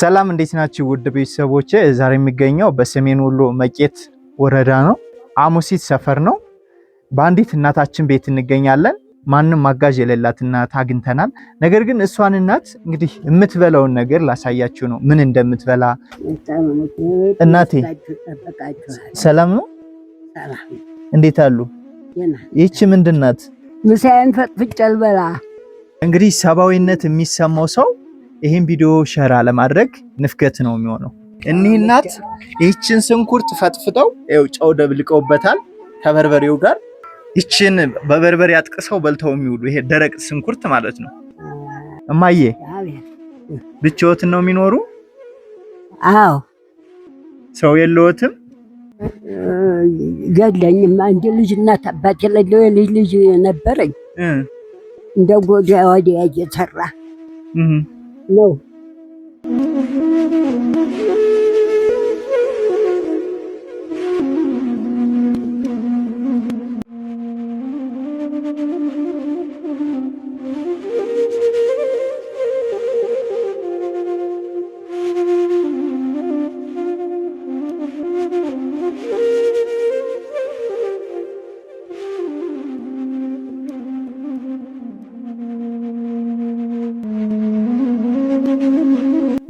ሰላም እንዴት ናችሁ? ውድ ቤተሰቦች፣ ዛሬ የሚገኘው በሰሜን ወሎ መቄት ወረዳ ነው፣ አሙሲት ሰፈር ነው። በአንዲት እናታችን ቤት እንገኛለን። ማንም ማጋዥ የሌላት እናት አግኝተናል። ነገር ግን እሷን እናት እንግዲህ የምትበላውን ነገር ላሳያችሁ ነው፣ ምን እንደምትበላ እናቴ። ሰላም ነው? እንዴት አሉ? ይህቺ ምንድን ናት? ምሳዬን ፈጥፍጬ ልበላ። እንግዲህ ሰብአዊነት የሚሰማው ሰው ይህን ቪዲዮ ሸራ ለማድረግ ንፍገት ነው የሚሆነው። እኒህ እናት ይህችን ሽንኩርት ፈጥፍጠው ው ጨው ደብልቀውበታል ከበርበሬው ጋር ይችን በበርበሬ አጥቅሰው በልተው የሚውሉ ይሄ ደረቅ ሽንኩርት ማለት ነው። እማዬ ብቻዎትን ነው የሚኖሩ? አዎ ሰው የለዎትም? የለኝም። አንድ ልጅ እናት አባት የሌለው የልጅ ልጅ ነበረኝ። እንደ ጎዳ ወዲያ እየሰራ ነው።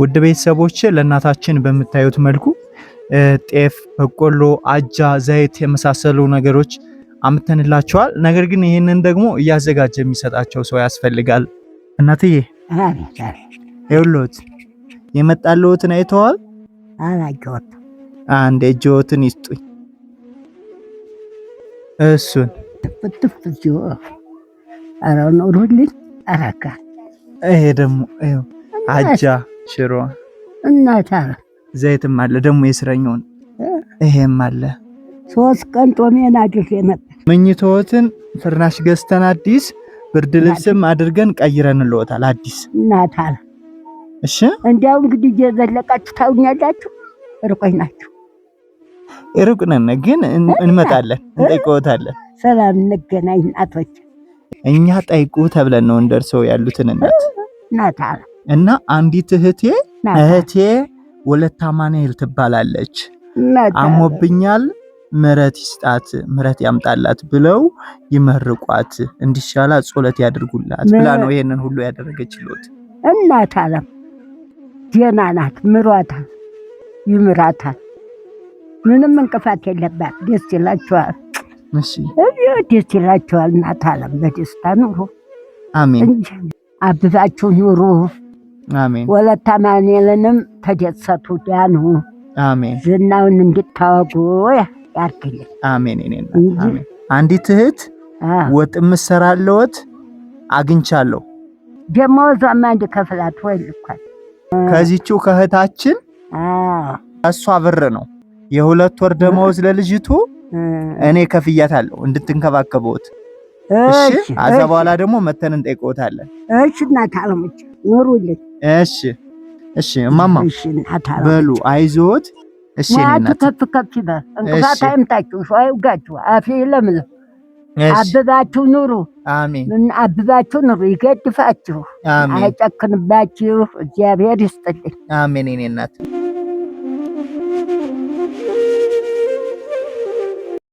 ውድ ቤተሰቦች ለእናታችን በምታዩት መልኩ ጤፍ፣ በቆሎ፣ አጃ፣ ዘይት የመሳሰሉ ነገሮች አምተንላቸዋል። ነገር ግን ይህንን ደግሞ እያዘጋጀ የሚሰጣቸው ሰው ያስፈልጋል። እናትዬ ይኸውልዎት የመጣልዎትን አይተዋል። አንድ እጅዎትን ይስጡኝ። እሱን ይሄ ደግሞ አጃ ሽሮ እና እናታ ዘይትም አለ ደግሞ የስረኛውን ይሄም አለ። ሶስት ቀን ጦሜን አድርጌ ነበር። መኝቶትን ፍርናሽ ገዝተን አዲስ ብርድ ልብስም አድርገን ቀይረን ልወታል አዲስ እናታ። እሺ እንዲያው እንግዲህ እየዘለቃችሁ ታውኛላችሁ። ርቆኝ ናችሁ። ሩቅ ግን እንመጣለን፣ እንጠይቅዎታለን። ሰላም እንገናኝ እናቶች። እኛ ጠይቁ ተብለን ነው እንደርሰው ያሉትን እናት እናታ እና አንዲት እህቴ እህቴ ወለታ ማንኤል ትባላለች አሞብኛል ምረት ይስጣት ምረት ያምጣላት ብለው ይመርቋት እንዲሻላ ጸሎት ያድርጉላት ብላ ነው ይሄንን ሁሉ ያደረገችሎት። እናት አለም ዜና ናት፣ ምሯታል፣ ይምራታል። ምንም እንቅፋት የለባት። ደስ ይላቸዋል፣ ደስ ይላቸዋል። እናት አለም በደስታ ኑሩ። አሜን። አብባችሁ ኑሩ። ወለተ ማንኤልንም ተደሰቱ ዳኑ። አሜን። ዝናውን እንድታወጉ ያርግልን። አሜን። አንዲት እህት ወጥ የምሰራለወት አግኝቻለሁ። ደሞዟም አንድ ከፍላት ወይ ልኳል። ከዚችው ከእህታችን እሷ ብር ነው የሁለት ወር ደመወዝ ለልጅቱ እኔ ከፍያታለሁ እንድትንከባከበውት። እሺ፣ አዛ በኋላ ደግሞ መተን እንጠይቀውታለን። እሺ፣ እናት አለሙች ኑሩልኝ። እሺ፣ እሺ እማማ በሉ አይዞት። እሺ እኔና ከፍ ከፍ ይበል። እንቅፋት አፌ አብባችሁ ኑሩ። አሜን። አብባችሁ ኑሩ። ይገድፋችሁ፣ አይጨክንባችሁ። እግዚአብሔር ይስጥልኝ። አሜን። እኔ እናት